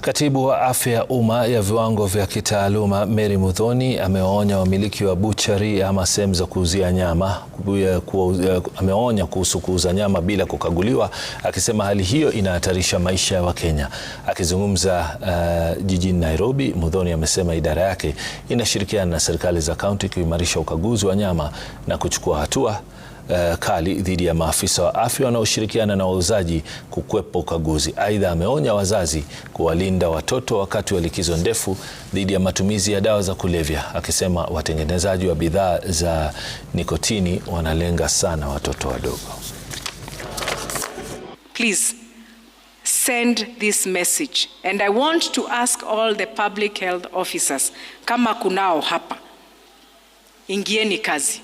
Katibu wa afya ya umma ya viwango vya kitaaluma Mary Muthoni amewaonya wamiliki wa buchari ama sehemu za kuuzia nyama ameonya kuhusu kuuza nyama bila kukaguliwa, akisema hali hiyo inahatarisha maisha ya Wakenya. Akizungumza uh, jijini Nairobi, Muthoni amesema idara yake inashirikiana na serikali za kaunti kuimarisha ukaguzi wa nyama na kuchukua hatua uh, kali dhidi ya maafisa wa afya wanaoshirikiana na wauzaji kukwepa ukaguzi. Aidha, ameonya wazazi kuwalinda watoto wakati wa likizo ndefu dhidi ya matumizi ya dawa za kulevya, akisema watengenezaji wa bidhaa za nikotini wanalenga sana watoto wadogo. Please send this message and I want to ask all the public health officers, kama kunao hapa, ingieni kazi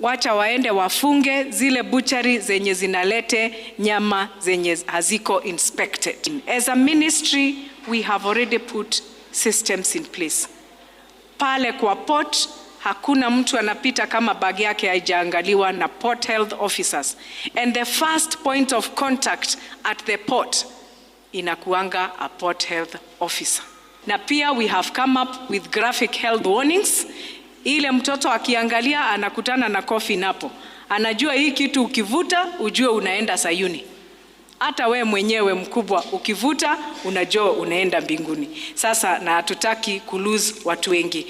wacha waende wafunge zile buchari zenye zinalete nyama zenye haziko inspected. As a ministry we have already put systems in place. Pale kwa port hakuna mtu anapita kama bag yake haijaangaliwa na port health officers, and the first point of contact at the port inakuanga a port health officer. Na pia we have come up with graphic health warnings ile mtoto akiangalia anakutana na kofi napo, anajua hii kitu ukivuta ujue unaenda Sayuni. Hata we mwenyewe mkubwa ukivuta unajua unaenda mbinguni. Sasa na hatutaki kuluz watu wengi.